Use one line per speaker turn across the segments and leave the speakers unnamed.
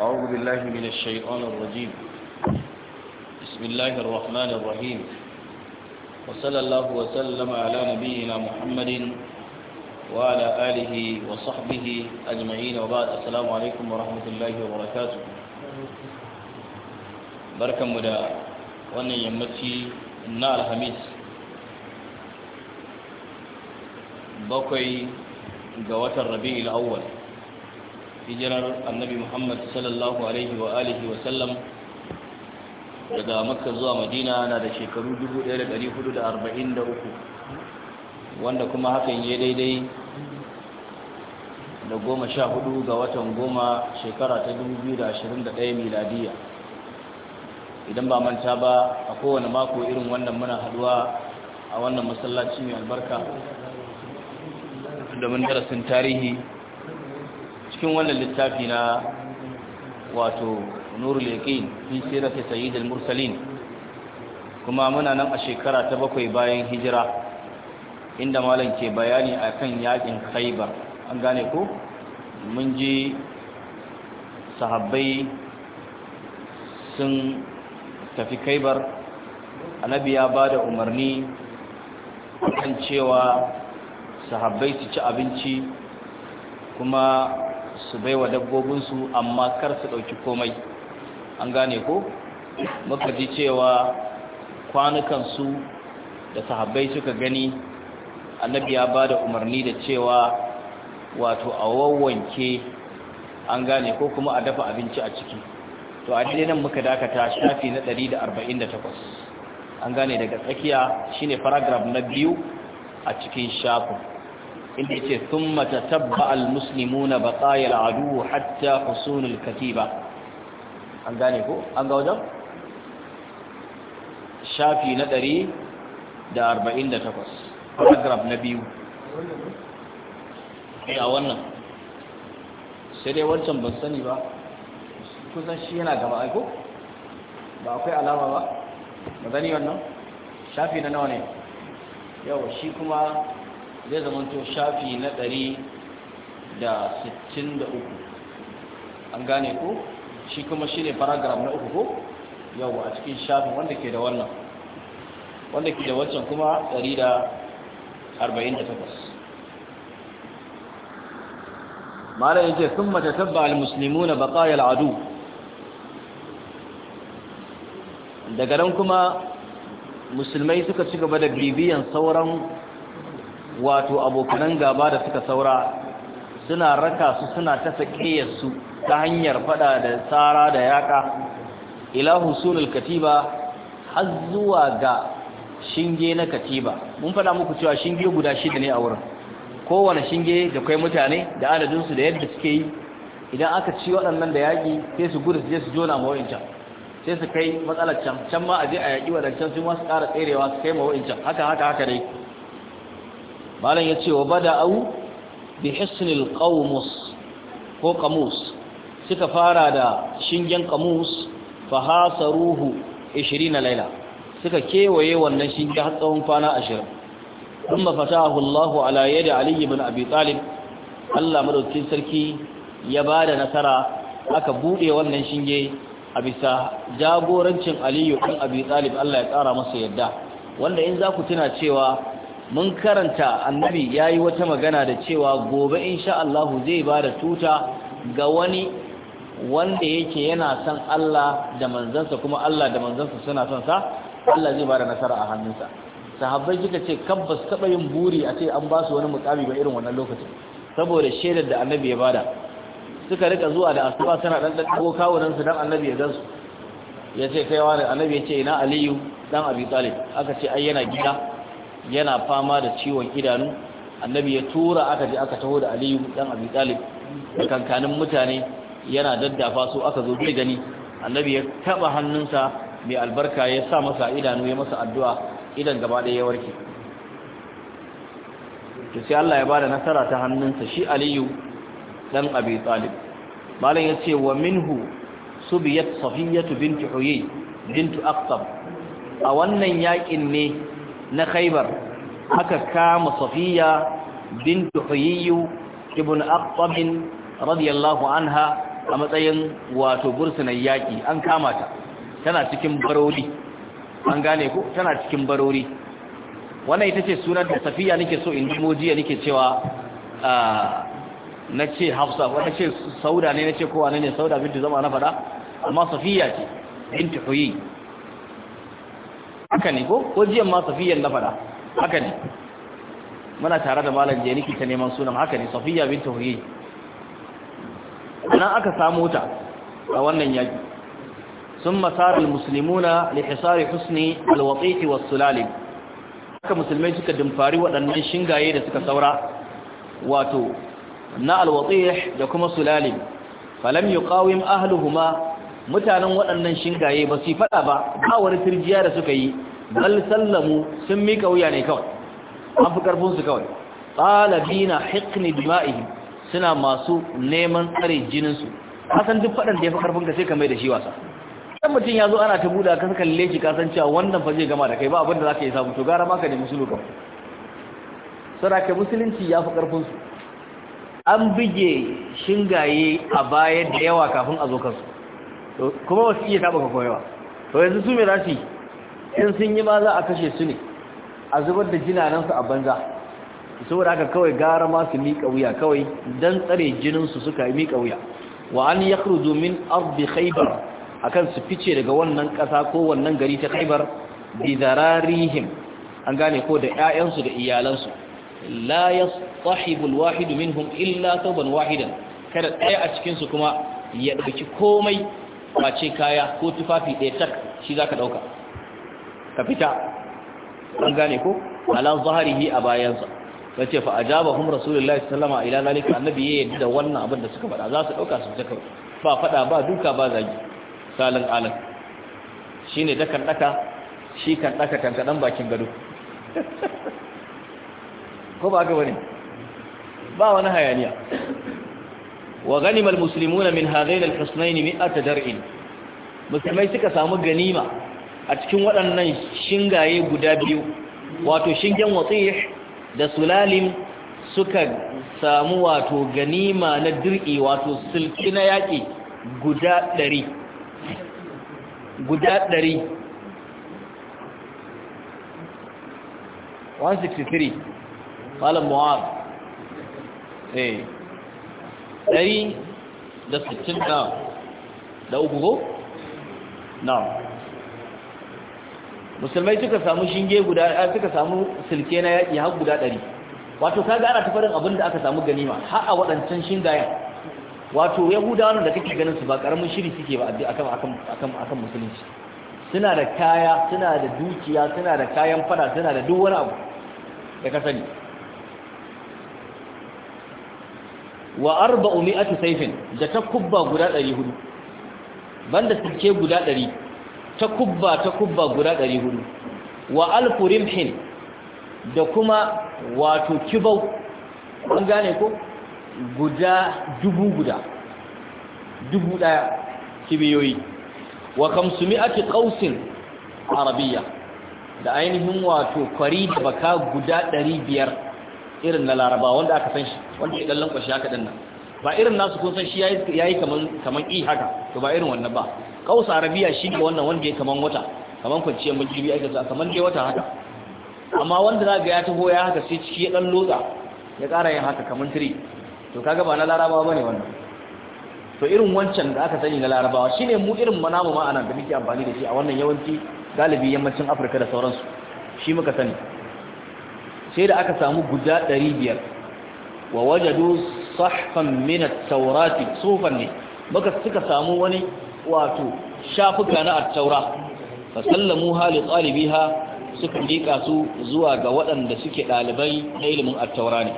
أعوذ بالله من الشيطان الرجيم بسم الله الرحمن الرحيم وصلى الله وسلم على نبينا محمد وعلى آله وصحبه أجمعين وبعد السلام عليكم ورحمة الله وبركاته بركة مدى وأن يمتي النار الخميس بقي جوات الربيع الأول hijirar annabi muhammad sallallahu alaihi wa alihi wa sallam daga makka zuwa madina na da shekaru 1443 wanda kuma hakan ya daidai da goma sha hudu ga watan goma shekara ta 2021 miladiya idan ba manta ba a kowane mako irin wannan muna haduwa a wannan masallaci mai albarka da mun darasin tarihi cikin wannan littafi na wato nurul yaqin fi sirati da mursalin kuma muna nan a shekara ta bakwai bayan hijira inda malam ke bayani akan yakin khaybar an gane ko mun ji sahabbai sun tafi khaybar annabi ya bada umarni kan cewa sahabbai su ci abinci kuma su baiwa dabbobinsu amma kar su ɗauki komai an gane ko muka ji cewa kwanukansu da sahabbai suka gani annabi ya ba da umarni da cewa wato a wawwanke an gane ko kuma a dafa abinci a ciki to a daidai nan muka dakata shafi na 148 an gane daga tsakiya shine paragraph na biyu a cikin shafin inda yace thumma tatabba almuslimuna baqaya aladu hatta husun alkatiba an gane ko an ga wajen shafi na 148 paragraph na biyu eh a wannan sai dai wancan ban sani ba kusan shi yana gaba aiko ba akwai alama ba ba gani wannan shafi na nawa ne yawa shi kuma zai zamanto shafi na ɗari da sittin da uku an gane ko shi kuma shi ne paragraf na uku ko yau a cikin shafin wanda ke da wannan wanda ke da wancan kuma ɗari da arba'in da takwas mara yake sun matatabba al-musulmi na baƙayar adu daga nan kuma musulmai suka ci gaba da bibiyan sauran wato abokanan gaba da suka saura suna raka su suna ta su ta hanyar fada da tsara da yaka ilahu sunul katiba har zuwa ga shinge na katiba mun fada muku cewa shinge guda shida ne a wurin kowane shinge da kai mutane da adadinsu da yadda suke yi idan aka ci waɗannan da yaƙi sai su gudu su je su jona ma can, sai su kai matsalar can can ma a je a yaƙi waɗancan su ma ƙara tserewa su kai ma can, haka haka haka dai malam ya ce wa bada'u bi hisnil qawmus ko qamus suka fara da shingen qamus fa hasaruhu 20 laila suka kewaye wannan shinge har tsawon kwana 20 kuma fatahu Allah ala yadi Ali ibn Abi Talib Allah madaukakin sarki ya bada nasara aka bude wannan shinge a bisa jagorancin Aliyu ɗan Abi Talib Allah ya tsara masa yadda wanda in za ku tuna cewa mun karanta annabi ya yi wata magana da cewa gobe insha Allah zai ba da tuta ga wani wanda yake yana son Allah da manzansa kuma Allah da manzansa suna son sa Allah zai ba da nasara a hannunsa sahabbai kika ce kabbas taba yin buri a ce an ba su wani mukami ba irin wannan lokacin saboda shaidar da annabi ya bada suka rika zuwa da asuba suna dan dan ko kawunan su dan annabi ya gansu ya ce kai wani annabi ya ce ina aliyu dan abi talib aka ce ai yana gida yana fama da ciwon idanu annabi ya tura aka je aka taho da aliyu dan abi talib kankanin mutane yana daddafa su aka zo bai gani annabi ya taba hannunsa mai albarka ya sa masa idanu ya masa addu'a idan gaba ɗaya ya warke to sai Allah ya bada nasara ta hannunsa shi aliyu dan abi talib malam yace wa minhu subiyat safiyatu bint huyay bint aqtab a wannan yakin ne na khaibar aka kama safiya bintu huyayyu ibn aqtab radiyallahu anha a matsayin wato gursunan yaki an kama ta tana cikin barori an gane ku tana cikin barori wannan ita ce sunan da safiya nake so in dimoji jiya nake cewa na ce hafsa wanda ce sauda ne na ce kowa ne sauda bintu zama na fada amma safiya ce bintu huyi haka ne ko ko ma safiyan na fada haka ne muna tare da malam jeriki ta neman sunan haka ne safiya bin tauhiyyi nan aka samu ta a wannan yaki sun masar al-muslimuna li hisari husni al wasu was haka musulmai suka dimfari waɗannan shingaye da suka saura wato na al da kuma sulalim falam yuqawim ahluhuma mutanen waɗannan shingaye ba su faɗa ba ba wani turjiya da suka yi bal sallamu sun mika wuya ne kawai an fi karfin su kawai na hiqni dima'i suna masu neman tsare jininsu. su hasan duk faɗan da ya fi ƙarfin ka sai ka mai da shi wasa ɗan mutum ya zo ana ta buɗa ka kalle shi ka san cewa wannan fa zai gama da kai ba abin da ka yi samu to gara ma ka nemi sulu kawai saraka musulunci ya fi karfin su an bige shingaye a baya da yawa kafin a zo kansu kuma wasu iya taɓa ka koyawa to yanzu su mai rashi in sun yi ma za a kashe su ne a zubar da jinanansu a banza saboda aka kawai gara masu miƙa wuya kawai don tsare jininsu suka miƙa wuya wa an ya domin min ardi khaibar kan su fice daga wannan ƙasa ko wannan gari ta khaibar bi zararihim an gane ko da 'ya'yansu da iyalansu la yastahibu min minhum illa tawban wahidan kada ɗaya a cikin su kuma ya ɗauki komai kwace kaya ko tufafi ɗaya tak shi za ka ɗauka ka fita an gane ko ala zaharihi a bayansa ta ce fa'ajaba hun rasulullah sallama ila zalika annabi ya yi da wannan abin da suka faɗa za su ɗauka su fita ba faɗa ba duka ba zagi salin alam shi ne ta kanɗaka. shi kanɗaka ɗaka bakin gado ko ba ga wani ba wani hayaniya wa ganimal muslimuna min hadain alhusnain mi'at dar'in musulmai suka samu ganima a cikin waɗannan shingaye guda biyu wato shingen watsih da sulalim suka samu wato ganima na dir'i wato silki na yaƙi guda ɗari guda ɗari 163 malam mu'ab eh ɗari da sittin da da uku ko? na musulmai suka samu shinge guda suka samu silke na yaƙi har guda ɗari wato ka gara ana farin abinda da aka samu ganima har a waɗancan shingayen wato yahudawan da kake ganin su ba ƙaramin shiri suke ba akan musulunci suna da kaya suna da dukiya suna da kayan fada suna da duk wani abu da ka sani wa arba'u mi'atu saifin da ta kubba guda 400 banda suke guda 100 ta kubba guda 400 wa alfu rimhin da kuma wato kibau an gane ko guda dubu guda dubu daya kibiyoyi wa ake kausin arabiya da ainihin wato kwari da baka guda 500 irin na laraba wanda aka san shi wanda ya dan kwashi haka dinnan nan ba irin nasu kun san shi yayi kaman kaman i haka to ba irin wannan ba kausa arabiya shi ne wannan wanda ya kaman wata kaman kwanciyar mujibi ake sa kaman dai wata haka amma wanda za ga ya taho ya haka sai ciki ya dan lotsa ya ƙara yin haka kaman tiri to kaga ba na larabawa bane wannan to irin wancan da aka sani na larabawa shine mu irin manamu ma anan da muke amfani da shi a wannan yawanci galibi yammacin Afirka da sauransu shi muka sani sai da aka samu guda 500 wa wajadu sahfan min at sufan ne baka suka samu wani wato shafuka na at-taura fa sallamu hali talibiha suka dika su zuwa ga waɗanda suke ɗalibai na ilimin at-taura ne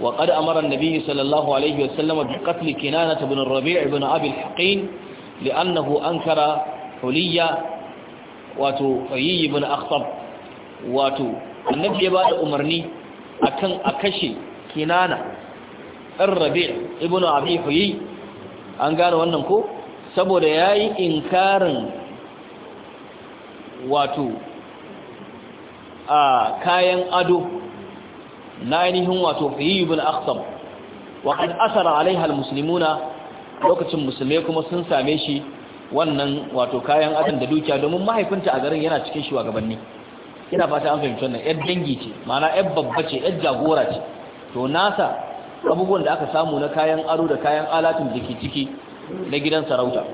wa qad amara an-nabi sallallahu alaihi wa sallama bi qatl kinana ibn ar-rabi' ibn abi al-haqin li'annahu ankara huliya wato fayyi ibn akhtab wato annabi ya da umarni akan a kashe kinana ɗan rabi ibn abi huyi an gane wannan ko saboda ya yi inkarin wato a kayan ado na ainihin wato fiye ibn akhsam wa asara alaiha musulmuna lokacin musulmai kuma sun same shi wannan wato kayan adon da dukiya domin mahaifinta a garin yana cikin shugabanni ina fata an fahimci wannan yar dangi ce ma'ana yar babba ce yar jagora ce to nasa abubuwan da aka samu na kayan aro da kayan alatun jiki-jiki ciki na gidan sarauta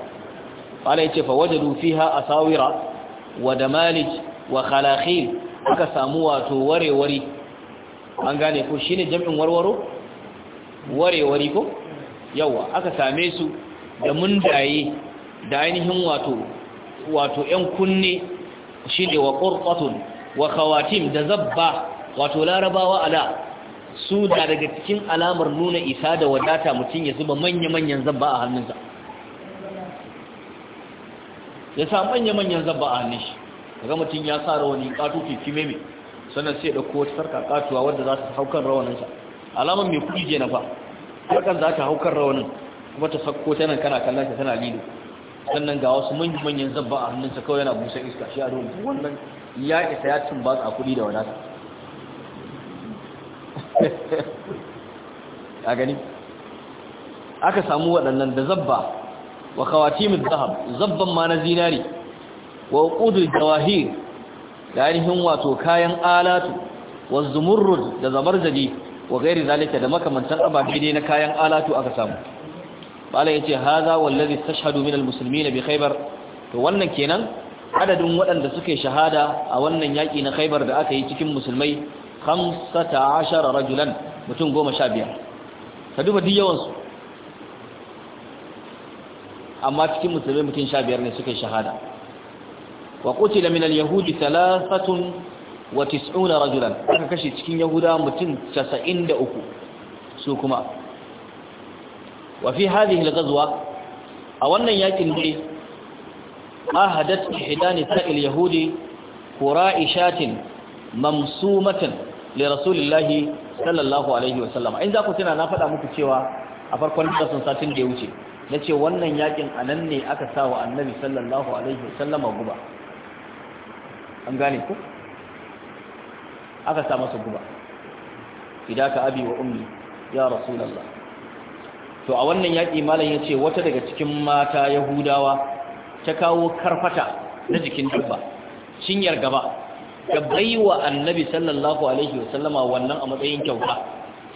ƙwala yace fa wajadu fiha asawira wa damalij wa khalaqil aka samu wato warewari an gane ko shine jam'in warwaro warewari ko yawa aka same su da mundaye da ainihin wato wato ƴan kunne shine wa qurqatun wa khawatim da zabba wato larabawa ala su na daga cikin alamar nuna isa da wadata mutum ya zuba manya-manyan zabba a hannunsa ya sa manya-manyan zabba a hannun shi daga mutum ya sa rawani ƙato fifi meme sannan sai da kowace sarka ƙatuwa wadda za ta haukan rawaninsa alamar mai kuɗi je na fa sarkar za ta haukan rawanin kuma ta sakko ta nan kana kallon ta tana lilo sannan ga wasu manya-manyan zabba a hannunsa kawai yana busa iska shi a dole wannan ya isa ya cin ba a kuɗi da wadata a gani aka samu waɗannan da zabba wa kawatimin zahab zabban ma na zinari wa ƙudul jawahir da ainihin wato kayan alatu wa zumurrud da zamarjadi wa gairi zalika da makamantar ababe ne na kayan alatu aka samu bala ce haza wallazi tashhadu musulmi na bi khaybar to wannan kenan adadin waɗanda suke shahada a wannan yaƙi na khaibar da aka yi cikin musulmai khamsata ashara rajulan mutum goma sha biyar ka duba duk yawansu amma cikin musulmi mutum sha biyar ne suka yi shahada wa qutila da minal yahudi talafatun wa tis'una rajulan aka kashe cikin yahuda mutum casa'in da uku, su kuma wa fi hadhihi al a wannan yakin ne ahadat ihdani sa'il yahudi qura'ishatin mamsumatan li rasulillahi sallallahu alaihi wasallam in za ku tuna na faɗa muku cewa a farkon darasin satin da ya wuce na ce wannan yakin a nan ne aka sa wa annabi sallallahu alaihi wa wasallam guba an gane ku aka sa masa guba fidaka abi wa ummi ya rasulullah to a wannan yaki malam yace wata daga cikin mata yahudawa ta kawo karfata na jikin dabba cinyar gaba ka baiwa annabi sallallahu alaihi wasallama wannan a matsayin kyauta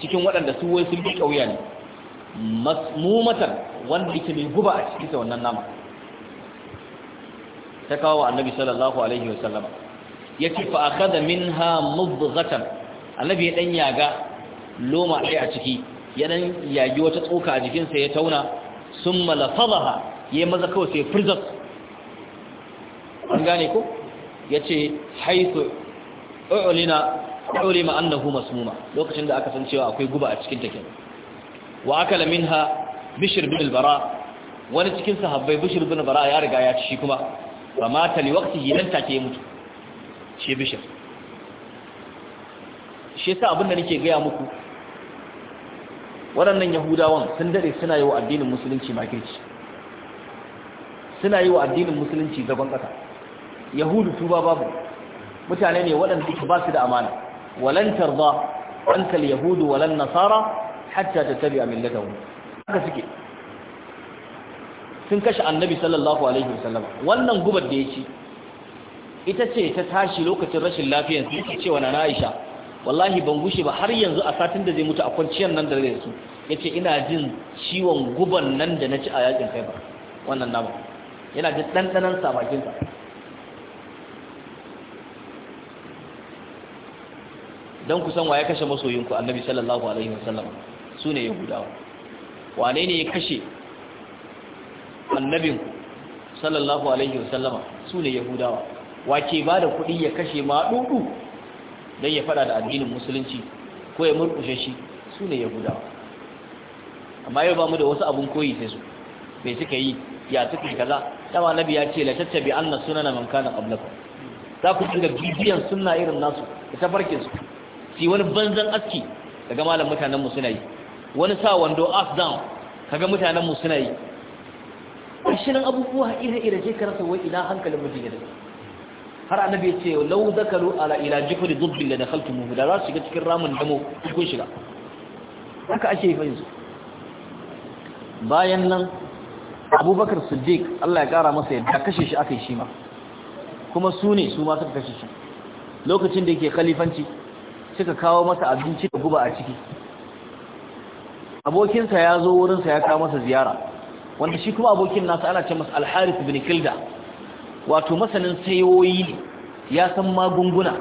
cikin waɗanda su wai sun fi kauya ne masmumatan wanda yake mai guba a cikin wannan nama ta kawo annabi sallallahu alaihi wasallama ce fa akada minha mudghatan annabi ya dan yaga loma ɗaya a ciki ya dan yagi wata tsoka a jikinsa ya tauna summa ya yi maza kawai sai firzat an gane ko Ya yace haythu ulina ulima annahu masmuma lokacin da aka san cewa akwai guba a cikin take wa akala minha bishr bin al-bara wani cikin sahabbai bishr bin al-bara ya riga ya ci shi kuma fa mata li waqtihi nan take ke mutu shi bishr shi yasa abin da nake gaya muku waɗannan yahudawan sun dare suna yi wa addinin musulunci makirci suna yi wa addinin musulunci zagon ƙasa yahudu tuba babu mutane ne waɗanda ba su da amana Walantar ba anka yahudu walan nasara hatta tattabi'a millatahum haka suke sun kashe annabi sallallahu alaihi wasallam wannan gubar da ya ci ita ce ta tashi lokacin rashin lafiyan su yake cewa na Aisha wallahi ban gushe ba har yanzu a satin da zai mutu a kwanciyar nan da zai su ya ce ina jin ciwon guban nan da na ci a yakin kai ba wannan nama yana da dandanan sa bakin don kusan wa ya kashe masoyinku annabi sallallahu alaihi wasallam su ne yahudawa wane ne ya kashe annabinku sallallahu alaihi wasallam su ne yahudawa wace ba da kuɗi ya kashe ma ɗuɗu don ya faɗa da addinin musulunci ko ya murƙushe shi su ne yahudawa amma yau ba mu da wasu abun koyi sai su bai suka yi ya suka yi kaza dama nabi ya ce la tattabi anna sunana man kana qablakum za ku dinga bibiyan sunna irin nasu da farkin su su wani banzan aski daga malam mutanen mu suna yi wani sa wando up down kaga mutanen mu suna yi shi nan abubuwa ire-ire sai ka rasa wai ina hankalin mutum ya har annabi ya ce lau zakaru ala ila jikuri dubbin da dakhaltu mu da za su shiga cikin ramin damo kun shiga haka ake yi yanzu bayan nan abubakar siddiq Allah ya kara masa yadda kashe shi aka yi shi ma kuma su ne su ma suka kashe shi lokacin da yake khalifanci kika kawo masa abinci da guba a ciki abokinsa ya zo wurinsa ya kawo masa ziyara wanda shi kuma abokin nasa ana ce masa alharis bin kilda wato masanin sayoyi ya san magunguna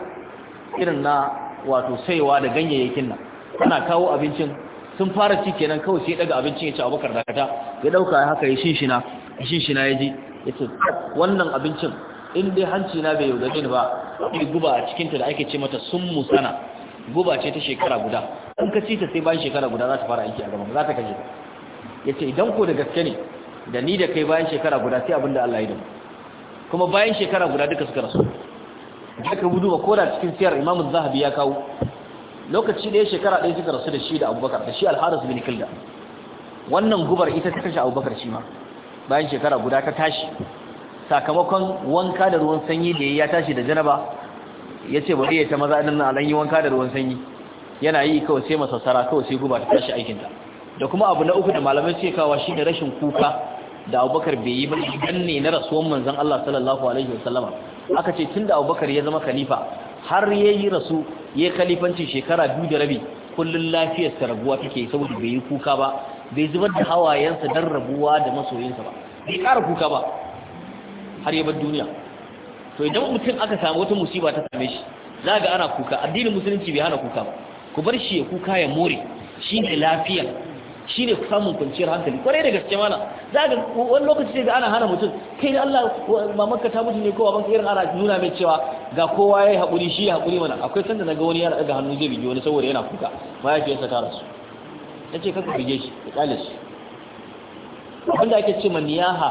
irin na wato saiwa da ganyayyakin nan ana kawo abincin sun fara ci kenan kawai sai daga abincin ya ci abokar dakata ya dauka haka ya shinshina ya shinshina ya ji ya ce wannan abincin in dai hanci na bai yaudare ni ba akwai guba a cikinta da ake ce mata sun musana guba ce ta shekara guda in ka ci ta sai bayan shekara guda za ta fara aiki a gaban za ta kashe ya ce idan ko da gaske ne da ni da kai bayan shekara guda sai abin da Allah ya yi da kuma bayan shekara guda duka suka rasu da ka gudu ba da cikin siyar imamu zahabi ya kawo lokaci ɗaya shekara ɗaya suka rasu da shi da abubakar da shi alharis bin kilda wannan gubar ita ta kashe abubakar shi ma bayan shekara guda ta tashi sakamakon wanka da ruwan sanyi da ya tashi da janaba ya ce bari ya ta maza ɗin nan yi wanka da ruwan sanyi yana yi kawai sai masassara kawai sai guba ta tashi aikinta da kuma abu na uku da malamai suke kawa shi ne rashin kuka da abubakar bai yi ba idan ne na rasuwan manzan Allah sallallahu alaihi wasallama aka ce tun da abubakar ya zama khalifa har ya yi rasu ya yi khalifanci shekara biyu da rabi kullum lafiyar sa rabuwa take saboda bai yi kuka ba bai zubar da hawayensa dan rabuwa da masoyinsa ba bai ƙara kuka ba har ya bar duniya to idan mutum aka samu wata musiba ta same shi za ga ana kuka addinin musulunci bai hana kuka ba ku bar shi ya kuka ya more ne lafiya ne samun kwanciyar hankali kwarai da gaske mana za ga wani lokaci sai ga ana hana mutum kai da Allah mamanka ta mutu ne kowa ban irin ana nuna mai cewa ga kowa yayi hakuri shi ya hakuri mana akwai sanda naga wani yana daga hannu zai bige wani saboda yana kuka mahaifiyarsa ta rasu nace kaka bige shi ka kale shi abinda ake ce niyaha,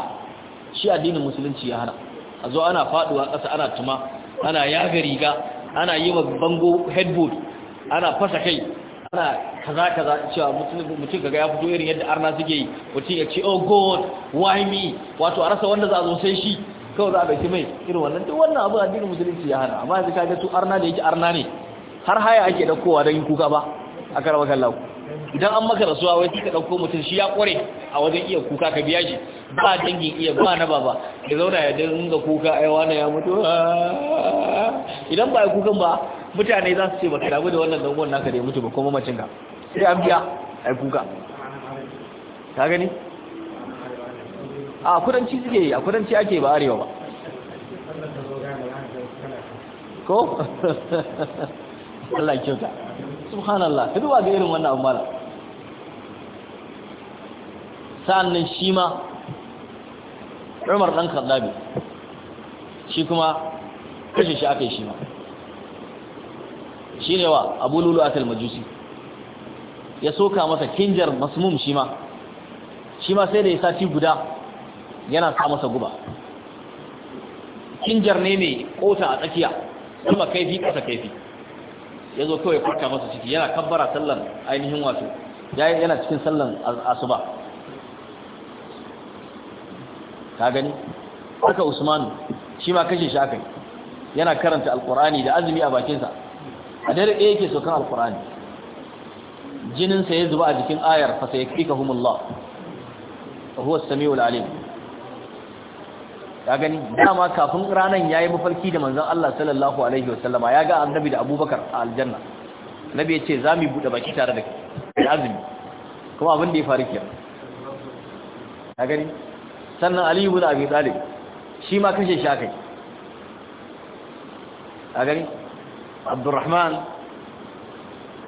shi addinin musulunci ya hana a zo ana faduwa ƙasa ana tuma ana yaga riga ana yi wa bango headboard ana fasa kai ana kaza kaza cewa mutum kaga ya fito irin yadda arna suke yi Wacce ya ce oh god why me wato a rasa wanda za a zo sai shi kawai za a ɗauki mai irin wannan duk wannan abu addinin musulunci ya hana amma yanzu ga su arna da yake arna ne har haya ake ɗaukowa don yin kuka ba a karɓar kallon idan an maka rasuwa wai sai ka dauko mutum shi ya kware a wajen iya kuka ka biya shi ba dangin iya ba na baba ya zauna ya dinga kuka ai wani ya mutu ah. idan ba ya kukan ba mutane za su ce ba ka damu da wannan dangon naka da ya mutu ba kuma macin ka sai an biya ai kuka ka gani a kudanci suke yi a kudanci ake ba arewa ba ko Allah ya kyauta subhanallah ka duba ga irin wannan abu sannan shi ma Umar dan Khattabi shi kuma kashe shi aka yi shi ma shi ne wa Abu Lulu atal Majusi ya soka masa kinjar masmum shi ma shi ma sai da ya sati guda yana sa masa guba kinjar ne mai kota a tsakiya kuma kaifi kasa kaifi ya zo kawai farka masa ciki yana kabbara sallan ainihin wato yana cikin sallan asuba ka gani haka usman shi ma kashe shi aka yana karanta alkur'ani da azumi a bakinsa a dare ɗaya yake saukan alkur'ani jininsa ya zuba a jikin ayar fasa ya kika humullah wa huwa samiul alim ya gani dama kafin ranan yayi mafarki da manzon Allah sallallahu alaihi wasallama ya ga annabi da Abubakar a aljanna nabi ya ce za mu buɗe baki tare da kai azumi kuma abin da ya faru kiyar ya gani sannan Ali ibn Abi Talib shi ma kashe shi akai ya gani Abdurrahman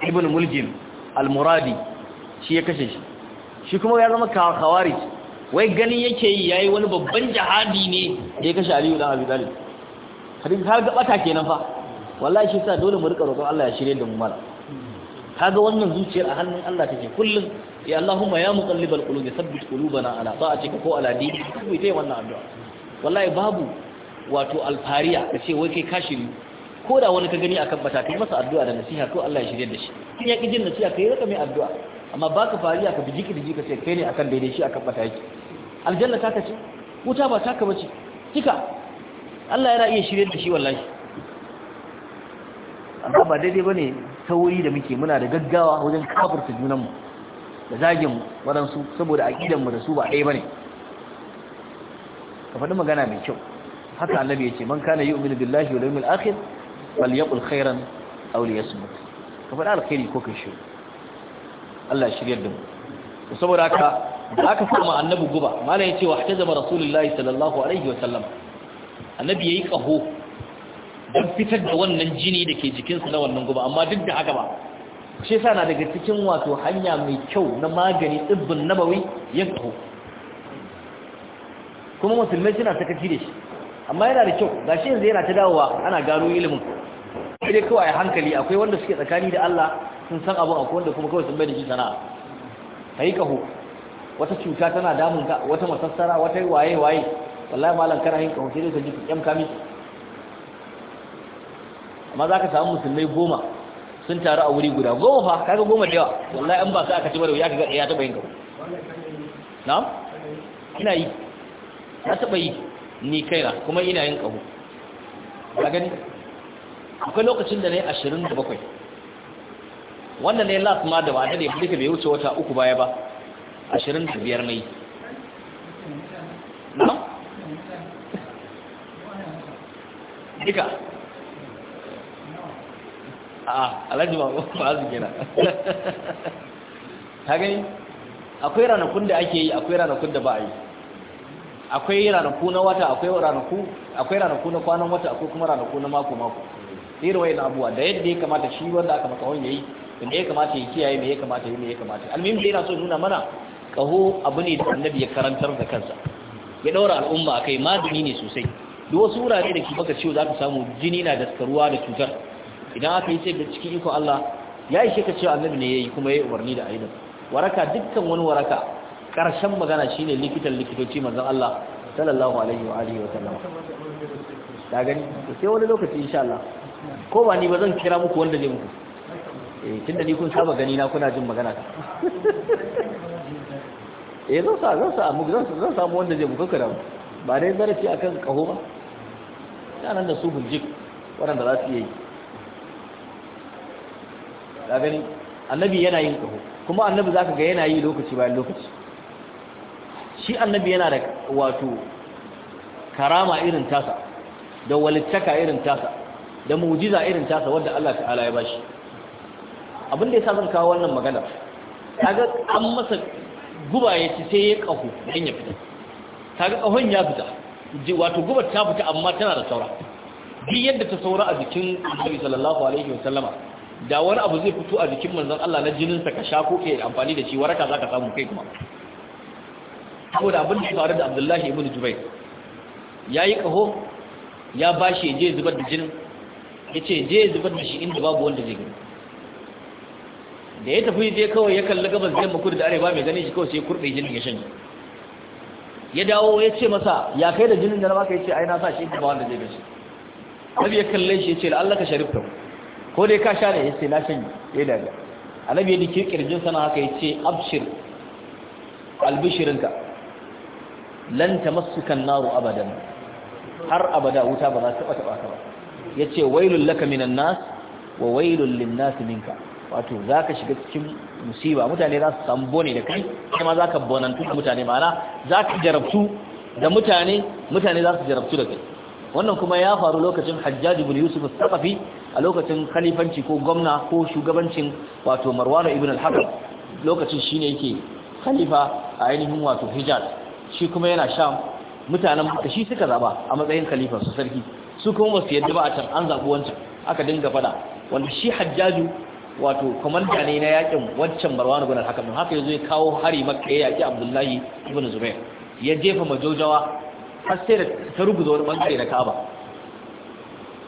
ibn Muljim al-Muradi shi ya kashe shi shi kuma ya zama khawarij wai ganin yake yi yayi wani babban jihadi ne da ya kashe Aliyu dan Abi Talib har ga bata kenan fa wallahi shi sa dole mu rika roƙon Allah ya shirye da mu mala kaga wannan zuciyar a hannun Allah take kullum ya Allahumma ya muqallibal qulub thabbit qulubana ala ta'atika ko ala dini mu yi wannan addu'a wallahi babu wato alfariya da kace wai kai ka shiri ko da wani ka gani akan bata kai masa addu'a da nasiha ko Allah ya shirye da shi in ya ki jin nasiha kai raka mai addu'a amma baka fariya ka biji kirji ka ce kai ne akan daidai shi kan bata yake aljanna ta kace wuta ba ta bace kika Allah yana iya shirye da shi wallahi amma ba daidai bane sauri da muke muna da gaggawa wajen kafirta junanmu da zagin mu wadansu saboda aqidan mu da su ba ɗaya bane ka faɗi magana mai kyau haka annabi ya ce man kana yu'minu billahi wal yawmil akhir falyaqul khairan aw liyasmut ka faɗi alkhairi ko ka shiru Allah shiryar da mu saboda haka da aka samu annabi guba ya ce wa ma rasulullahi sallallahu alaihi wa sallam annabi yayi kaho dan fitar da wannan jini da ke jikinsu na wannan guba amma duk da haka ba shi yasa na daga cikin wato hanya mai kyau na magani tsibbin nabawi yin kaho kuma musulmai suna sakaci da shi amma yana da kyau gashi yanzu yana ta dawowa ana gano ilimin sai dai kawai hankali akwai wanda suke tsakani da Allah sun san abu akwai wanda kuma kawai sun bai da shi sana'a kai kaho wata cuta tana damun ka wata masassara wata waye waye wallahi malam kana yin kaho sai dai ka ji kyam kami amma zaka samu musulmai goma sun taru a wuri guda goma fa kaga goma da yawa wallahi an ba su aka ci bare ya kaga ya taba yin kaho na'am ina yi na taba yi ni kaina kuma ina yin kaho ka gani akwai lokacin da ne yi ashirin da bakwai wannan ne last ma da ba da ya duka bai wuce wata uku baya ba ashirin da biyar na na? duka a alhaji ba ba su gina ta gani akwai ranakun da ake yi akwai ranakun da ba a yi akwai ranaku na wata akwai ranaku na kwanan wata akwai kuma ranaku na mako-mako irin wayan abuwa da yadda ya kamata shi wanda aka maka wani yayi da ya kamata ya kiyaye me ya kamata ya me ya kamata almin da yana so nuna mana kaho abu ne da annabi ya karantar da kansa ya daura al'umma a akai jini ne sosai duk wasu wurare da ke baka ciwo za ka samu jini na daskaruwa da cutar idan aka yi sai da cikin iko Allah ya yi shika cewa annabi ne ya yi kuma ya yi umarni da aidan waraka dukkan wani waraka karshen magana shine likitan likitoci manzon Allah sallallahu alaihi wa alihi wa sallam ta gani sai wani lokaci insha Allah ko ba ni ba zan kira muku wanda zai muku eh da ni kun saba gani na kuna jin magana ta eh zan sa zan sa mu zan zan samu wanda zai muku kada ba dai darasi akan kaho ba nan da su bunjik waɗanda za su yi ka gani annabi yana yin kaho kuma annabi zaka ga yana yi lokaci bayan lokaci shi annabi yana da wato karama irin tasa da walittaka irin tasa da mu'jiza irin tasa wadda Allah ta'ala ya bashi abin da ya zan kawo wannan magana kaga an masa guba ya ci sai ya kahu dan ya fita kaga kahon ya fita wato gubar ta fita amma tana da saura bi yadda ta saura a jikin Annabi sallallahu alaihi wasallama da wani abu zai fito a jikin manzon Allah na jinin sa ka sha ko kai amfani da shi waraka zaka samu kai kuma saboda abin da ya faru da Abdullahi ibn ya yayi kaho ya bashi je zubar da jinin ya ce je zubar da shi inda babu wanda zai gani da ya tafi je kawai ya kalli gabas zai makudu da arewa mai gani shi kawai sai kurɗe jini ya shanye ya dawo ya ce masa ya kai da jinin da na baka ya ce aina sa shi inda ba wanda zai gani annabi ya kalle shi ya ce Allah ka sharifta ko dai ka share ya ce na shanye ya daga annabi ya dike kirjin sana haka ya ce abshir albishirinka lan masu an-naru abadan har abada wuta ba za ta taba taba ba yace wailul laka minan nas wa wailul lin minka wato zaka shiga cikin musiba mutane za su samu bone da kai kuma ka bonantu mutane ma'ana zaka jarabtu da mutane mutane za su jarabtu da kai wannan kuma ya faru lokacin Hajjaj ibn Yusuf al-Thaqafi a lokacin khalifanci ko gwamna ko shugabancin wato Marwan ibn al-Hakam lokacin shine yake khalifa a ainihin wato Hijaz shi kuma yana Sham mutanen da shi suka zaba a matsayin khalifa su sarki su kuma ba su yadda ba a can an zaɓi wancan aka dinga fada wanda shi hajjaju wato komanda ne na yakin wancan marwan gudanar haka hakam don haka zo ya kawo hari maka ya yaƙi abdullahi ibn zubair ya jefa majojawa har sai da ta ruguza wani bangare na kaba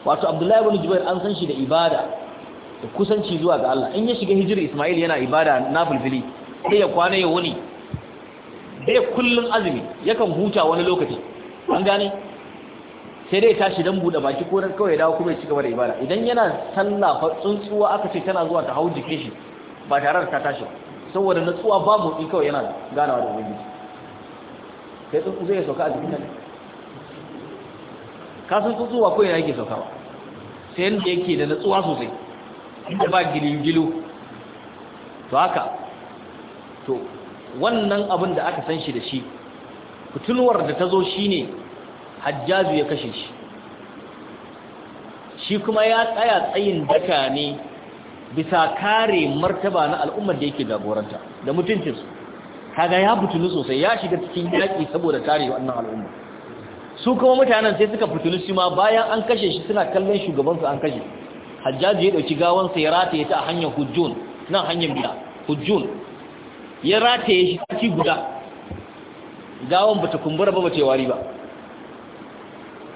wato abdullahi ibn zubair an san shi da ibada da kusanci zuwa ga Allah in ya shiga hijiri isma'il yana ibada na bulbuli sai ya kwana ya wuni bai kullun azumi yakan huta wani lokaci an gane sai dai tashi dan bude baki ko dan kawai dawo kuma ya ci gaba da ibada idan yana sallah fa tsuntsuwa aka ce tana zuwa ta hauji jikin shi ba tare da ta tashi saboda natsuwa ba motsi kawai yana ganawa da ubangiji sai tsuntsu zai sauka a jikin nan ka san tsuntsu ba kawai yake sauka ba sai yanda yake da natsuwa sosai inda ba gilingilo to haka to wannan abin da aka san shi da shi fitinuwar da ta zo shine hajjazu ya kashe shi shi kuma ya tsaya tsayin daka ne bisa kare martaba na al'ummar da yake jagoranta da mutuncinsu kaga ya butulu sosai ya shiga cikin yaƙi saboda kare wannan al'umma su kuma mutanen sai suka fitulu shi ma bayan an kashe shi suna kallon shugabansu an kashe hajjazu ya ɗauki gawansa ya rataye ta a hanyar hujjun nan hanyar biya hujjun ya rataye shi ciki guda gawan bata kumbura ba bata wari ba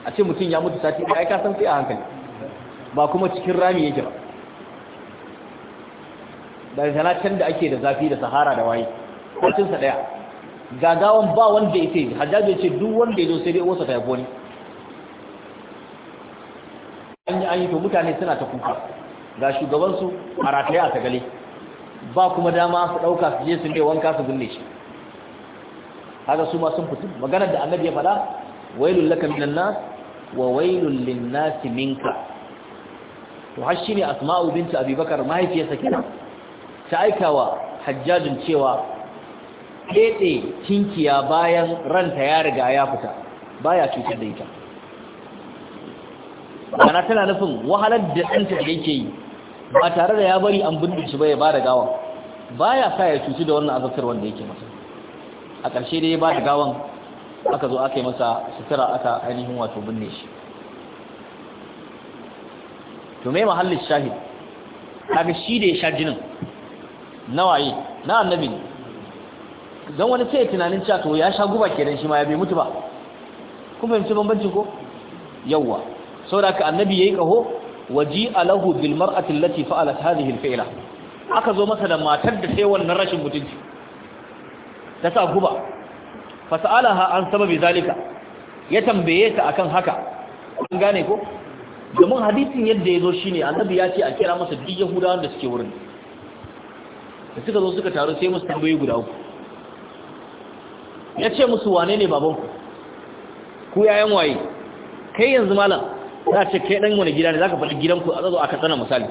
a ce mutum ya mutu sati ɗaya ka san sai a hankali ba kuma cikin rami yake ba da zana can da ake da zafi da sahara da waye kwacinsa ɗaya gagawan ba wanda ya ce hajjaji ce duk wanda ya zo sai dai wasa ta yabo ne an yi an to mutane suna ta kuka ga shugabansu a rataye a tagale ba kuma dama su ɗauka su je su ne wanka su binne shi haka su ma sun fitu maganar da annabi ya faɗa wailul laka minan nas wa wailul linnasi minka to har shine asma'u binti abubakar mahaifiyarsa kenan ta aika wa hajjajin cewa kete kinkiya bayan ranta ya riga ya fita baya cutar da ita ana tana nufin wahalar da ɗanta da yake yi ba tare da ya bari an binne shi ba ya ba da Ba baya sa ya cuci da wannan azabtar wanda yake masa a ƙarshe dai ya ba da gawan aka zo aka yi masa sutura aka ainihin wato binne shi to me mahallin shahid kaga shi da ya sha jinin Nawa yi? na annabi ne don wani sai tunanin cewa to ya sha guba kenan shi ma ya bai mutu ba kun fahimci bambanci ko yawwa saboda ka annabi yayi kaho waji alahu bil mar'ati allati fa'alat hadhihi al fi'la aka zo masa da matar da sai wannan rashin mutunci ta sa guba fasalaha an sababi zalika ya tambaye ta akan haka an gane ko domin hadisin yadda ya zo shine annabi ya ce a kira masa duk yahudawan da suke wurin da suka zo suka taru sai musu tambayi guda uku ya ce musu wane ne baban ku Ku yayan waye kai yanzu malam za ce kai dan wani gida ne zaka faɗi ku a zazo aka tsana misali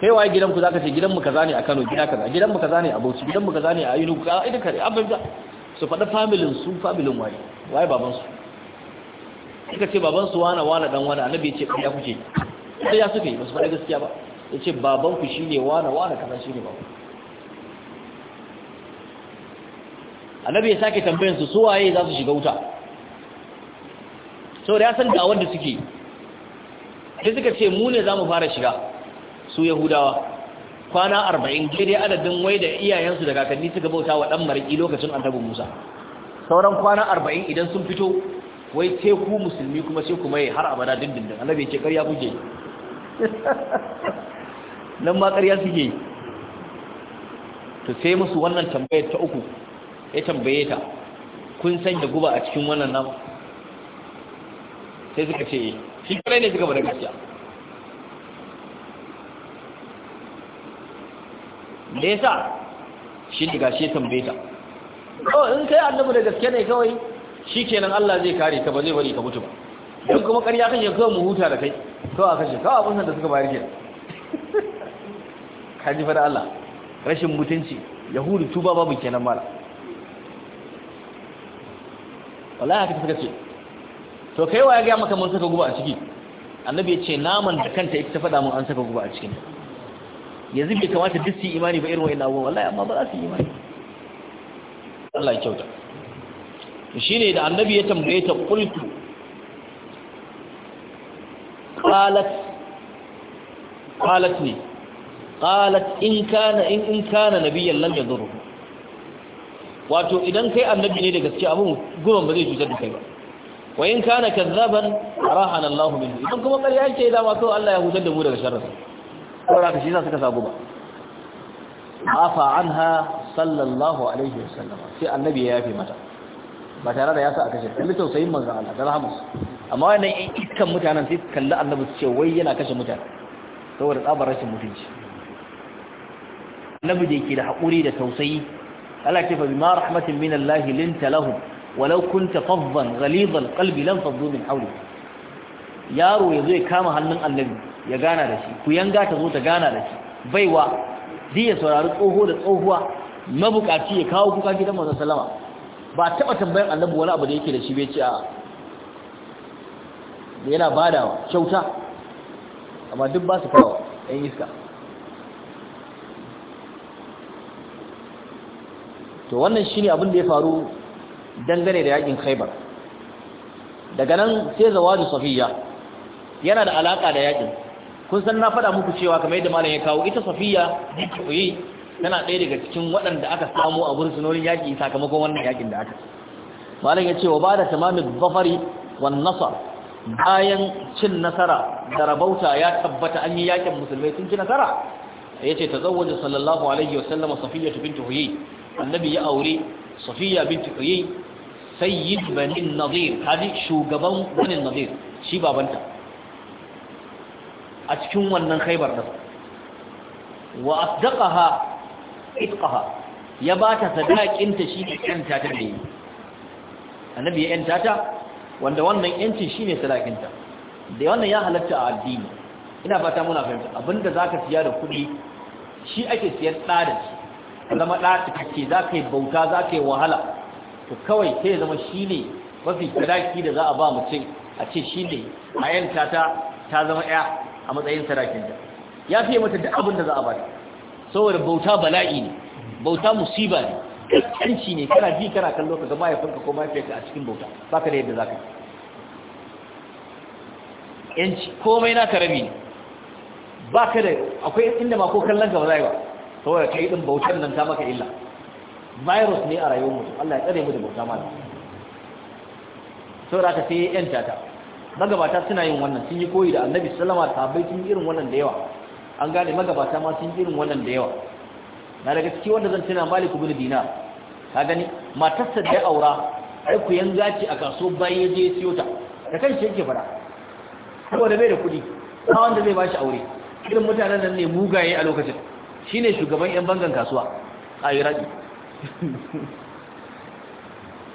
kai waye gidan ku zaka ce mu kaza ne a Kano gida kaza mu kaza ne a Bauchi gidan mu kaza ne a Ayinu ka idan kare abin su faɗi familin su familin waye waye babansu suka ce babansu wane wane dan wane annabi ya ce ya kuke sai ya suke yi ba su faɗi gaskiya ba ya ce babanku shi ne wane wane kaza shi ne ba. annabi ya sake tambayin su waye za su shiga wuta sau da ya san da wanda suke sai suka ce mu ne za mu fara shiga su yahudawa kwana arba'in daidai adadin wai da iyayensu da kakanni suka bauta wa ɗan mariki lokacin annabi musa sauran kwana arba'in idan sun fito wai teku ku musulmi kuma sai kuma yi har abada dindindin annabi ce ƙarya buge nan ma ƙarya suke yi to sai musu wannan tambayar ta uku ya tambaye ta kun sanya guba a cikin wannan nan sai suka ce eh. shi kare ne suka bada gaskiya me yasa shi ne gashi tambaye ta oh in kai annabi da gaske ne kawai kenan Allah zai kare ka ba zai bari ka mutu ba don kuma ƙarya kan kawai mu huta da kai to a kashe kawai abun da suka bayar ke kaji fara Allah rashin mutunci yahudu tuba babu kenan mala wallahi haka take ce to kai wa ya ga maka mun saka guba a ciki annabi ya ce naman da kanta ita ta faɗa mun an saka guba a cikin ta yanzu bai kamata duk su imani ba irin wa'in abubuwan wallahi amma ba za su imani Allah ya kyauta shi ne da annabi ya tambaye ta kultu qalat qalat ne qalat in kana in in kana nabiyyan lam yadurru wato idan kai annabi ne da gaskiya abun gurin ba zai cutar da kai ba wa in kana kazzaban rahana Allah minhu idan kuma ƙarya ce da ma to Allah ya hutar da mu daga sharrinsa saboda ka shi za suka sabu ba afa anha sallallahu alaihi wasallam sai annabi ya yafe mata ba tare da ya sa aka ce kalli tausayin manzo Allah da rahmus amma wannan ikkan mutanen sai kalli annabi su ce wai yana kashe mutane saboda tsabar rashin mutunci annabi da yake da haƙuri da tausayi Allah ce fa ma rahmatin min Allah linta lahum walau kunta faddan ghalidha alqalbi lam faddu min hawli yaro yazo ya kama hannun annabi ya gana da shi ku yanga ta zo ta gana da shi baiwa zai ya saurari tsoho da tsohuwa mabukaci ya kawo kuka gidan masu salama ba taba tambayar annabu wani abu da yake da shi bai ce a da yana badawa kyauta amma duk ba su kawo ɗan iska to wannan shi ne abin da ya faru dangane da yakin khaibar daga nan sai zawadu safiya yana da alaƙa da yakin kun san na faɗa muku cewa kamar yadda malam ya kawo ita safiya Kuyi, tana ɗaya daga cikin waɗanda aka samu a sunorin yaƙi sakamakon wannan yaƙin da aka malam ya ce wa ba da tamamin zafari wan nasar bayan cin nasara da rabauta ya tabbata an yi yaƙin musulmai sun ci nasara ya ce ta zawaje sallallahu alaihi wasallam safiya Binta Kuyi, annabi ya aure safiya Binta Kuyi, sayyid banin nadir hadi shugaban banin nadir shi babanta a cikin wannan khaibar da wa asdaqaha itqaha ya bata sadaqin ta shi ne kanta ta dai annabi ya yanta ta wanda wannan yancin shine sadaqin ta da wannan ya halatta a addini ina fata muna fahimta abinda zaka siya da kuɗi shi ake siyan ɗa da shi zama ɗa cikakke za ka yi bauta za ka yi wahala to kawai sai ya zama shi ne mafi sadaki da za a ba mutum a ce shi ne a yanta ta ta zama ya a matsayin sadakinta. ya fiye mata duk abin da za a ba ta saboda bauta bala'i ne bauta musiba ne kanci ne kana ji kana kallo ka ga mahaifinka ko mahaifinka a cikin bauta Ba ka da yadda za zaka yanci komai na rabi ne Ba ka da akwai inda ma ko kallon ka ba za yi ba saboda kai ɗin bautar nan ta maka illa virus ne a rayuwar mutum Allah ya tsare mu da bauta malam saboda ka sai ya yanta ta magabata suna yin wannan sun yi koyi da annabi sallama bai sun yi irin wannan da yawa an gane magabata ma sun yi irin wannan da yawa na daga ciki wanda zan tuna maliku bin dina ka gani matarsa da ya aura ai ku yanga a kaso bayan ya je ya siyo ta da kanshi yake fara da bai da kuɗi ba wanda zai bashi aure irin mutanen nan ne mugaye a lokacin shine shugaban yan bangan kasuwa a iraki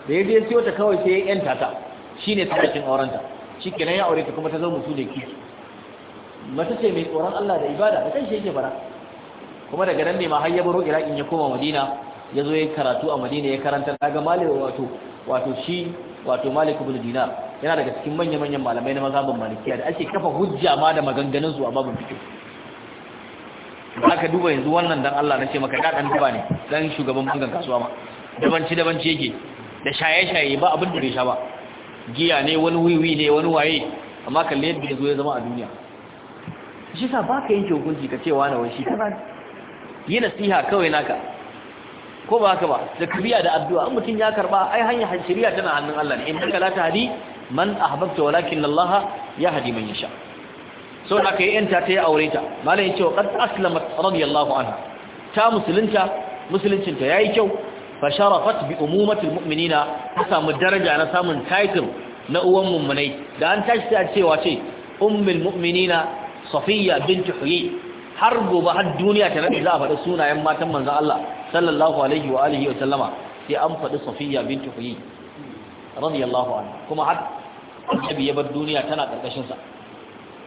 da ya je siyo ta kawai sai ya yanta ta shine sadakin aurenta shi kenan ya aure ta kuma ta zama musu da ki Mata ce mai tsoron Allah da ibada da kanshi yake fara kuma daga nan ne ma har ya baro Iraq ya koma Madina ya zo ya karatu a Madina ya karanta daga Malik wato wato shi wato Malik ibn Dinar yana daga cikin manya-manyan malamai na mazhabin Malikiya da ake kafa hujja ma da maganganun su a babu fiki aka duba yanzu wannan dan Allah na ce maka da dan duba ne dan shugaban bangan kasuwa ma dabanci dabanci yake da shaye-shaye ba abin da bai sha ba giya ne wani wiwi ne wani waye amma kalle yadda ya zo ya zama a duniya shi sa ba ka yanke hukunci ka cewa na wani shi kaza yi nasiha kawai naka ko ba haka ba da kabiya da addu'a in mutum ya karba ai hanya shari'a tana hannun Allah ne in ka la hadi man ahbabta walakin Allah ya hadi man yasha so ka yi yanta ta yi aure ta malam ya ce wa qad aslamat radiyallahu anha ta musulunta musuluncinta yi kyau fasharafat bi umumatil mu'minina ta samu daraja na samun title na uwan mummunai da an tashi ta cewa ce ummul mu'minina safiya Bintu huyi har gobe har duniya ta rabe za a faɗi sunayen matan manzon Allah sallallahu alaihi wa alihi wa sallama sai an faɗi safiya Bintu huyi radiyallahu anha kuma har annabi ya bar duniya tana karkashin sa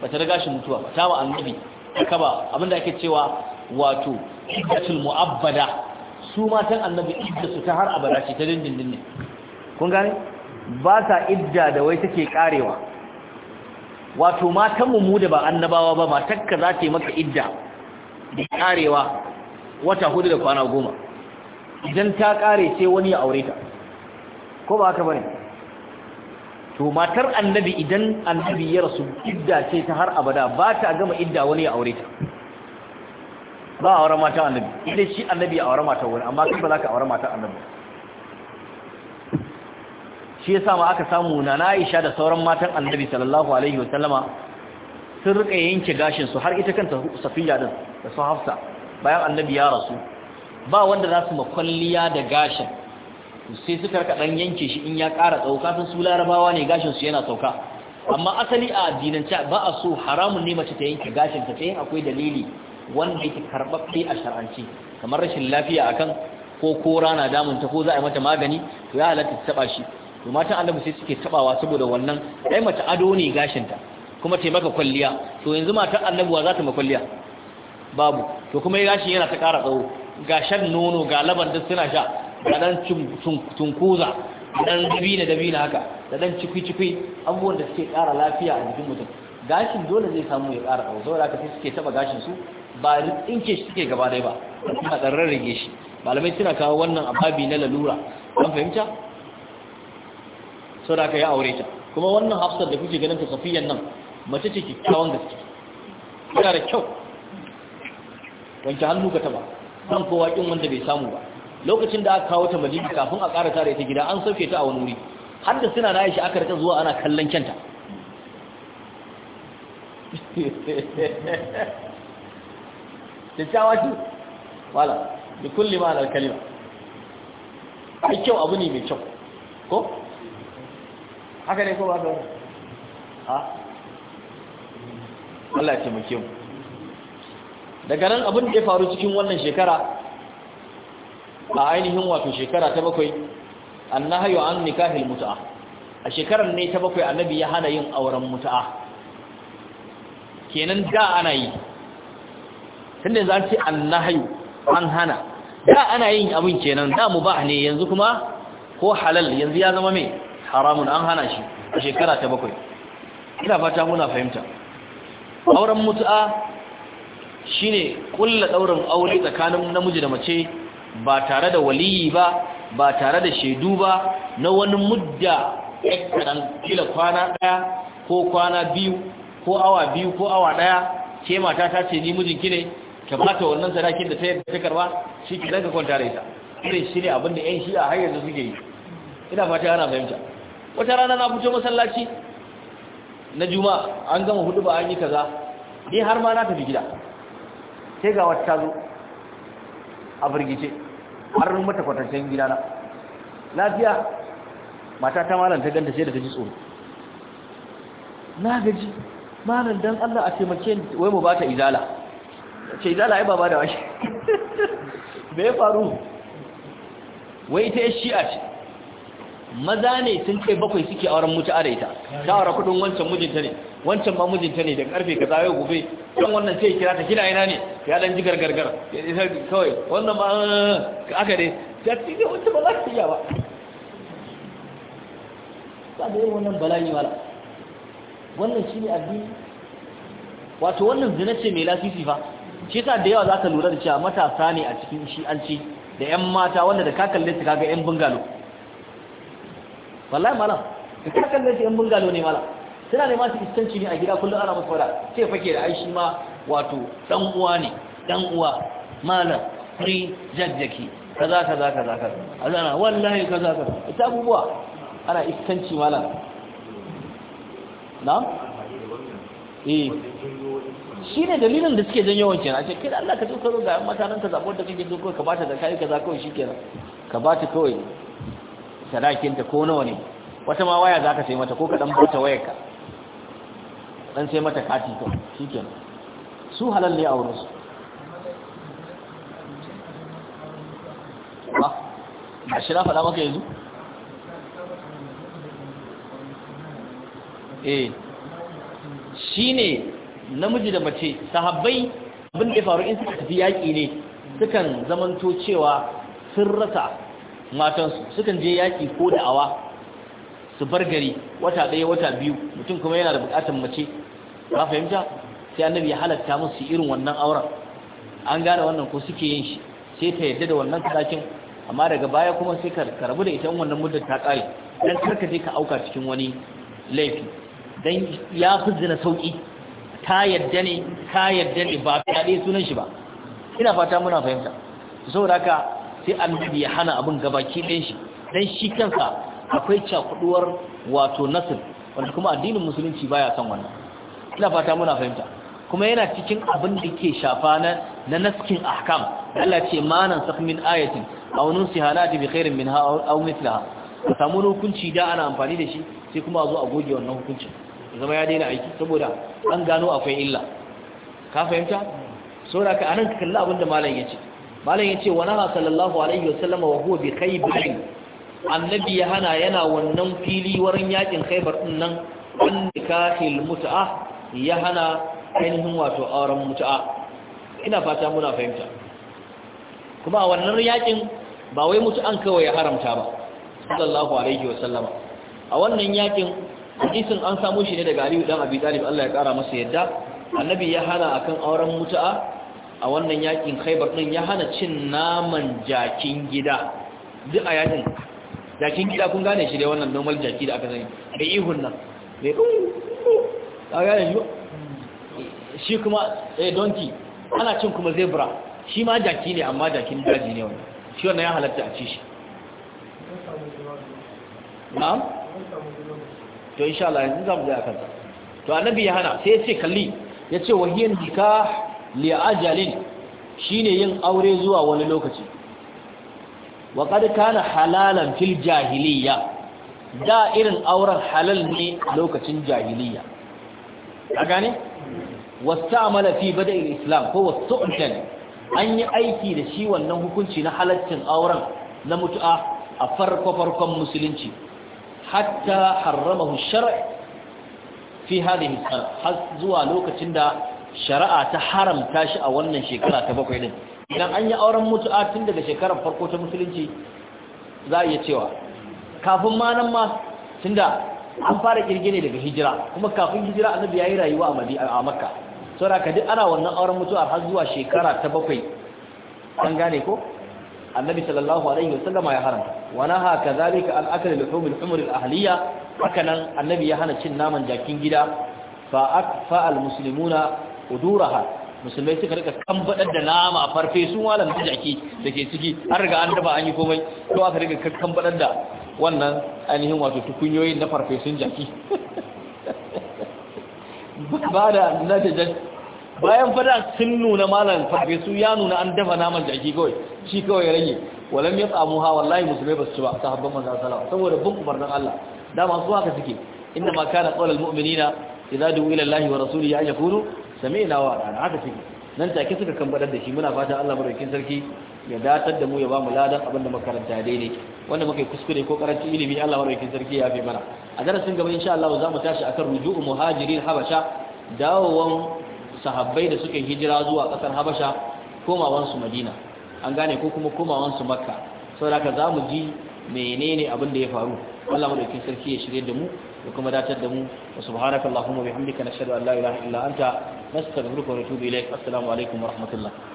bata riga shi mutuwa ba ta wa annabi kaba abinda ake cewa wato iddatul mu'abbada su matan annabi idda su ta har abada ce ta dindindin ne kun gane ba ta idda da wai take karewa wato matan mu da ba annabawa ba matakka za ta yi maka idda da karewa wata hudu da kwana goma idan ta kare sai wani ya aure ta ko ba haka bane to matar annabi idan annabi ya rasu idda ce ta har abada ba ta gama idda wani ya aure ta ba a auren mata annabi idan shi annabi a auren mata wani amma kai ba za ka auren mata annabi shi yasa ma aka samu na Aisha da sauran matan annabi sallallahu alaihi wa sallama sun rika yanke gashin su har ita kanta Safiya din da su Hafsa bayan annabi ya rasu ba wanda za su makwalliya da gashin sai suka rika dan yanke shi in ya ƙara tsauka sun su larabawa ne gashin su yana sauka amma asali a addinance ba a so haramun ne mace ta yanke gashin ta sai akwai dalili wanda yake karɓaɓɓe a shar'anci kamar rashin lafiya akan ko ko rana damun ta ko za a yi mata magani to ya halatta ta taba shi to matan annabi sai suke tabawa saboda wannan ai mata ado ne gashin ta kuma ta maka kwalliya to yanzu matan annabuwa za ta makwalliya babu to kuma gashin yana ta kara tsawo ga nono ga laban da suna sha da dan tunkuza dan dabina dabina haka da dan cikwi cikwi abubuwan da suke kara lafiya a jikin mutum gashin dole zai samu ya ƙara tsawo saboda haka sai suke taba gashin su ba ke shi suke gaba ɗaya ba suna ɗan rage shi malamai suna kawo wannan ababi na lalura don fahimta sau da aka yi aure ta kuma wannan hafsar da kuke ganin ta safiyan nan mace ce kyakkyawan gaske yana da kyau wanke hannu ka taba san kowa kin wanda bai samu ba lokacin da aka kawo ta madina kafin a ƙara tare ta gida an sauke ta a wani wuri har da suna rayu shi aka rika zuwa ana kallon kyanta kyakkyawa ce wala da kulli ma da kalima ai kyau abu ne mai kyau ko haka ne ko ba ka ha Allah ya taimake mu daga nan abin da ya faru cikin wannan shekara a ainihin wato shekara ta bakwai annahayu an nikahil mut'a a shekarar ne ta bakwai annabi ya hana yin auren mut'a kenan da ana yi tunda yanzu an ce annahyu an hana da ana yin abin kenan da mu ba ne yanzu kuma ko halal yanzu ya zama mai haramun an hana shi a shekara ta bakwai ina fata muna fahimta auren mutu'a shine kulla ɗaurin aure tsakanin namiji da mace ba tare da waliyi ba ba tare da shaidu ba na wani mudda ɗan kila kwana ɗaya ko kwana biyu ko awa biyu ko awa ɗaya ke mata ta ce ni mijinki ne kamata wannan sadakin da ta yadda ta karba shi ki zanka kwanta da ita irin shi ne abinda yan shi a hanyar da suke yi ina fata ana fahimta wata rana na fito masallaci na juma'a an gama hudu ba an yi kaza ni har ma na tafi gida sai ga wata ta zo a birgice har mata kwatancen gidana lafiya mata ta malam ta ganta sai da ta ji tsoro na gaji malam dan Allah a taimake ni wai mu ba ta izala ce izala ai baba da washe me ya faru wai ta a ce maza ne sun ce bakwai suke auren mutu da ita ta aure kudin wancan mijinta ne wancan ba mijinta ne da karfe ka yau gobe don wannan sai kira ta kina yana ne ya dan ji gargargar kawai wannan ba eh, aka ne ta ne wata ba za su iya ba ba da yin wannan bala'i wala wannan shi ne addini wato wannan zina ce mai lasisi fa shi sa da yawa za ka lura da cewa matasa ne a cikin shi'anci da 'yan mata wanda da ka kalle su kaga 'yan bungalo wallahi malam da ka kalle su 'yan bungalo ne malam suna nema masu iskanci ne a gida kullum ana musu fada sai fake da ai shi ma wato dan uwa ne dan uwa malam free jajjaki kaza kaza kaza kaza azana wallahi kaza kaza ita abubuwa ana iskanci malam eh shi ne dalilin da suke janyo wancan a ce kai da Allah ka tsokaro ga matanan ka zaɓo da kake tsokaro ka bata da kai kaza kawai shikenan ka bata kawai sadakin ta ko nawa ne wata ma waya zaka sai mata ko ka dan bata wayar ka dan sai mata kati to shikenan su halal ne a wurin su ba a shi na faɗa maka yanzu eh shine namiji da mace sahabbai abin da ya faru in suka tafi yaƙi ne sukan zamanto cewa sun rasa matansu sukan je yaƙi ko da awa su bar gari wata ɗaya wata biyu mutum kuma yana da buƙatar mace ba fahimta sai annabi ya halatta musu irin wannan auren an gane wannan ko suke yin shi sai ta yadda da wannan sadakin amma daga baya kuma sai ka rabu da ita wannan muddar ta kare dan karka je ka auka cikin wani laifi dan ya fi zina sauki ta yadda ne ta yadda ne ba fyaɗe sunan shi ba ina fata muna fahimta saboda haka sai annabi ya hana abin gabaki ɗin shi dan shi kansa akwai cakuduwar wato nasir wanda kuma addinin musulunci baya son wannan ina fata muna fahimta kuma yana cikin abin da ke shafa na na naskin ahkam Allah ce ma nan ayatin aw nusiha la bi khairin minha aw mithlaha samu hukunci da ana amfani da shi sai kuma a zo a goge wannan hukuncin zama ya daina aiki saboda an gano akwai illa ka fahimta saboda ka anan ka kalli abinda malam ya ce malam ya ce wa naha sallallahu alaihi wasallama wa huwa bi khaybar annabi ya hana yana wannan fili warin yakin khaybar din nan an nikahil mut'a ya hana ainihin wato auren mut'a ina fata muna fahimta kuma a wannan yakin ba wai an kawai ya haramta ba sallallahu alaihi sallama a wannan yakin hadisin an samu shi ne daga Aliyu dan Abi Talib Allah ya kara masa yadda annabi ya hana akan auren mutu'a a wannan yakin Khaibar din ya hana cin naman jakin gida duk a yakin jakin gida kun gane shi dai wannan normal jaki da aka sani da ihun nan da ka gane shi shi kuma eh donkey ana cin kuma zebra shi ma jaki ne amma jakin daji ne wannan shi wannan ya halatta a ci shi na'am to insha Allah yanzu zamu je akan to annabi ya hana sai ya ce kalli ya ce wahiyan nikah li ajalin shine yin aure zuwa wani lokaci wa qad kana halalan fil jahiliya da irin auren halal ne lokacin jahiliya ka gane wastamala fi bada'il islam ko wasu'tan an yi aiki da shi wannan hukunci na halaccin auren na mutu'a a farko farkon musulunci hatta harramahu shar'i fi hadhihi sana har zuwa lokacin da shari'a ta haramta shi a wannan shekara ta bakwai din idan an yi auren mutu'a tun daga shekarar farko ta musulunci za a iya cewa kafin ma nan ma tunda an fara kirge ne daga hijira kuma kafin hijira annabi yi rayuwa a Madina a Makka saboda ka duk ana wannan auren mutu'a har zuwa shekara ta bakwai an gane ko annabi sallallahu alaihi wasallama ya haramta wa naha kadhalika an akala luhum al-humr al-ahliya hakanan annabi ya hana cin naman jakin gida fa akfa al-muslimuna uduraha musulmai suka rika kan kambadar da nama farfe sun walan da jaki dake ciki an riga an dafa an yi komai to aka rika kan kambadar da wannan ainihin wato tukunyoyin na farfe sun jaki ba da na bayan fada sun nuna malam farfe su ya nuna an dafa naman jaki kawai shi kawai rage walam yat'amuha wallahi musulmai basu ci ba sahabban manzon sallallahu saboda bin umarnin Allah dama su haka suke inna ma kana qawlul mu'minina idza du'u ila Allah wa rasulihi an yakunu sami'na wa ata'na haka suke nan take suka kambadar da shi muna fata Allah madaukakin sarki ya datar da mu ya ba mu ladan abinda makaranta daidai wanda muka kuskure ko karanci ilimi Allah madaukakin sarki ya fi mana a darasin gaba insha Allah za mu tashi akan ruju'u muhajirin habasha dawowan sahabbai da suka hijira zuwa kasar habasha komawansu madina an gane ko kuma komawan su makka saboda haka za mu ji menene abin da ya faru Allah madaukakin sarki ya shirye da mu da kuma datar da mu wa subhanakallahumma bihamdika nashhadu an la ilaha illa anta nastaghfiruka wa natubu ilaik assalamu alaikum wa rahmatullah